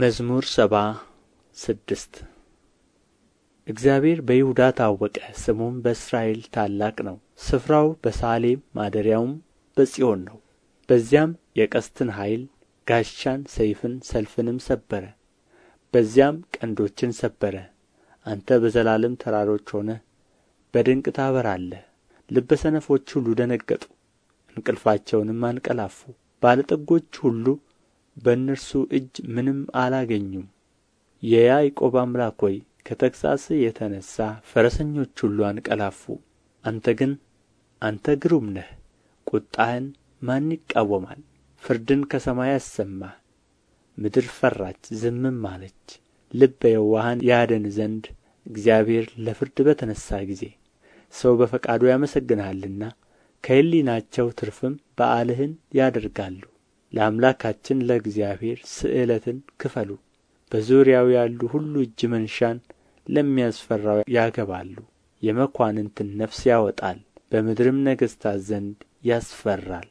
መዝሙር ሰባ ስድስት እግዚአብሔር በይሁዳ ታወቀ፣ ስሙም በእስራኤል ታላቅ ነው። ስፍራው በሳሌም ማደሪያውም በጽዮን ነው። በዚያም የቀስትን ኃይል ጋሻን፣ ሰይፍን፣ ሰልፍንም ሰበረ። በዚያም ቀንዶችን ሰበረ። አንተ በዘላለም ተራሮች ሆነ በድንቅ ታበራለህ። ልበ ሰነፎች ሁሉ ደነገጡ፣ እንቅልፋቸውንም አንቀላፉ። ባለጠጎች ሁሉ በእነርሱ እጅ ምንም አላገኙም የያዕቆብ አምላክ ሆይ ከተግሣጽህ የተነሣ ፈረሰኞች ሁሉ አንቀላፉ አንተ ግን አንተ ግሩም ነህ ቍጣህን ማን ይቃወማል ፍርድን ከሰማይ አሰማህ ምድር ፈራች ዝምም አለች ልበ የዋሃን ያድን ዘንድ እግዚአብሔር ለፍርድ በተነሣ ጊዜ ሰው በፈቃዱ ያመሰግንሃልና ከሕሊናቸው ትርፍም በዓልህን ያደርጋሉ ለአምላካችን ለእግዚአብሔር ስእለትን ክፈሉ በዙሪያው ያሉ ሁሉ እጅ መንሻን ለሚያስፈራው ያገባሉ የመኳንንትን ነፍስ ያወጣል በምድርም ነገሥታት ዘንድ ያስፈራል